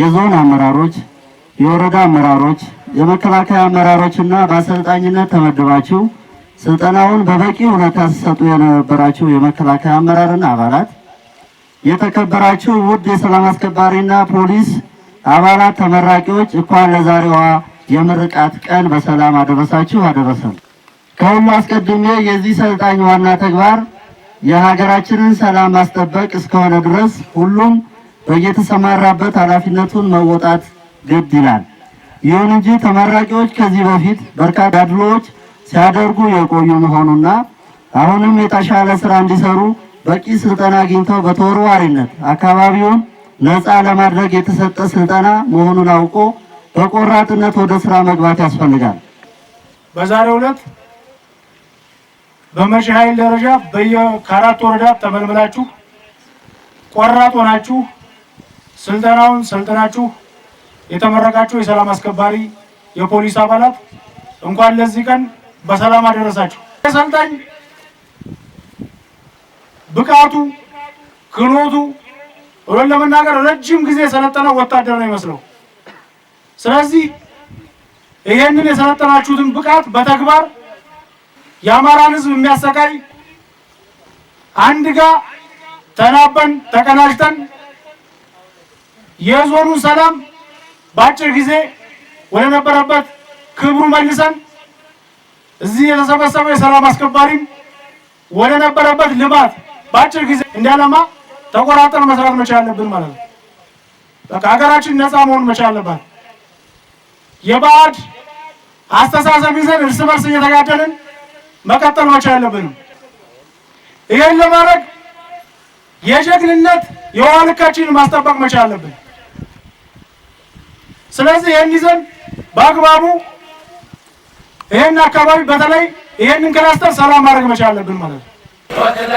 የዞን አመራሮች፣ የወረዳ አመራሮች፣ የመከላከያ አመራሮችና በአሰልጣኝነት ተመድባችሁ ስልጠናውን በበቂ ሁኔታ ሲሰጡ የነበራችሁ የመከላከያ አመራርና አባላት፣ የተከበራችሁ ውድ የሰላም አስከባሪና ፖሊስ አባላት ተመራቂዎች እንኳን ለዛሬዋ የምርቃት ቀን በሰላም አደረሳችሁ አደረሰን። ከሁሉ አስቀድሜ የዚህ ሰልጣኝ ዋና ተግባር የሀገራችንን ሰላም ማስጠበቅ እስከሆነ ድረስ ሁሉም በየተሰማራበት ኃላፊነቱን መወጣት ግድ ይላል። ይሁን እንጂ ተመራቂዎች ከዚህ በፊት በርካታ አድሎዎች ሲያደርጉ የቆዩ መሆኑና አሁንም የተሻለ ስራ እንዲሰሩ በቂ ስልጠና አግኝተው በተወርዋሪነት አካባቢውን ነፃ ለማድረግ የተሰጠ ስልጠና መሆኑን አውቆ በቆራጥነት ወደ ስራ መግባት ያስፈልጋል። በዛሬው ዕለት በመሽ ኃይል ደረጃ በየአራት ወረዳ ተመልምላችሁ ቆራጥ ሆናችሁ ስልጠናውን ሰልጥናችሁ የተመረቃችሁ የሰላም አስከባሪ የፖሊስ አባላት እንኳን ለዚህ ቀን በሰላም አደረሳችሁ። የሰልጣኝ ብቃቱ ክህሎቱ እውነት ለመናገር ረጅም ጊዜ የሰለጠነው ወታደር ነው ይመስለው። ስለዚህ ይሄንን የሰለጠናችሁትን ብቃት በተግባር የአማራን ሕዝብ የሚያሰቃይ አንድ ጋ ተናበን ተቀናጅተን የዞሩን ሰላም በአጭር ጊዜ ወደ ነበረበት ክብሩ መልሰን እዚህ የተሰበሰበው የሰላም አስከባሪም ወደ ነበረበት ልማት በአጭር ጊዜ እንዲያለማ ተቆራጠን መስራት መቻል አለብን ማለት ነው። በቃ ሀገራችን ነፃ መሆን መቻል አለባት። የባዕድ አስተሳሰብ ይዘን እርስ በርስ እየተጋደልን መቀጠል መቻል አለብንም። ይህን ለማድረግ የጀግንነት የውሃ ልካችንን ማስጠበቅ መቻል አለብን። ስለዚህ ይህን ይዘን በአግባቡ ይህን አካባቢ በተለይ ይህንን ክላስተር ሰላም ማድረግ መቻል አለብን ማለት ነው። ሞከረኝ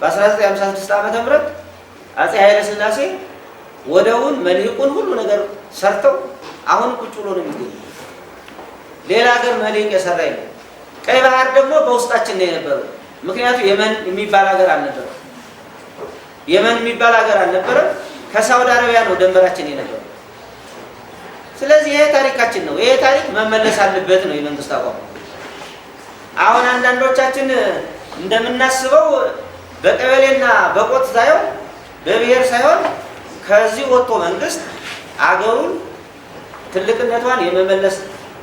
በ1956 በ1956 ዓመተ ምህረት አጼ ኃይለ ስላሴ ወደውን መልህቁን ሁሉ ነገር ሰርተው አሁን ቁጭ ብሎ ነው የሚገኙ። ሌላ ሀገር መልህቅ የሰራ የለ። ቀይ ባህር ደግሞ በውስጣችን ነው የነበረው። ምክንያቱም የመን የሚባል ሀገር አልነበረም። የመን የሚባል ሀገር አልነበረም። ከሳውዲ አረቢያ ነው ደንበራችን የነበረው። ስለዚህ ይሄ ታሪካችን ነው። ይሄ ታሪክ መመለስ አለበት ነው የመንግስት አቋም። አሁን አንዳንዶቻችን እንደምናስበው በቀበሌና በቆት ሳይሆን በብሔር ሳይሆን ከዚህ ወጥቶ መንግስት አገሩን ትልቅነቷን የመመለስ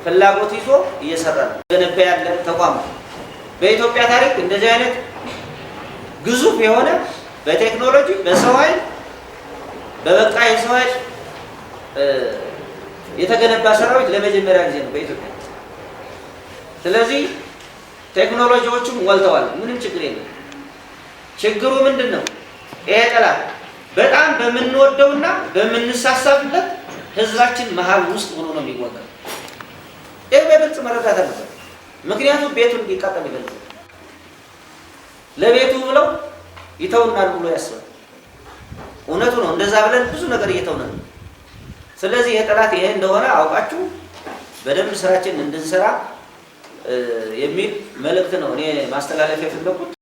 ፍላጎት ይዞ እየሰራ ነው። ገነበ ያለ ተቋም በኢትዮጵያ ታሪክ እንደዚህ አይነት ግዙፍ የሆነ በቴክኖሎጂ በሰው ኃይል በበቃ የሰው ኃይል የተገነባ ሰራዊት ለመጀመሪያ ጊዜ ነው በኢትዮጵያ። ስለዚህ ቴክኖሎጂዎቹም ወልተዋል። ምንም ችግር የለም። ችግሩ ምንድን ነው? ይሄ ጠላት በጣም በምንወደውና በምንሳሳብለት ህዝባችን መሀል ውስጥ ሆኖ ነው የሚወጋው። ይህ በግልጽ መረዳት አለበት። ምክንያቱም ቤቱን እንዲቃጠል ይፈልጋል። ለቤቱ ብለው ይተውናል ብሎ ያስባል። እውነቱ ነው። እንደዛ ብለን ብዙ ነገር እየተውናል። ስለዚህ ይሄ ጠላት ይሄ እንደሆነ አውቃችሁ በደንብ ስራችን እንድንሰራ የሚል መልእክት ነው እኔ ማስተላለፍ የፈለኩት።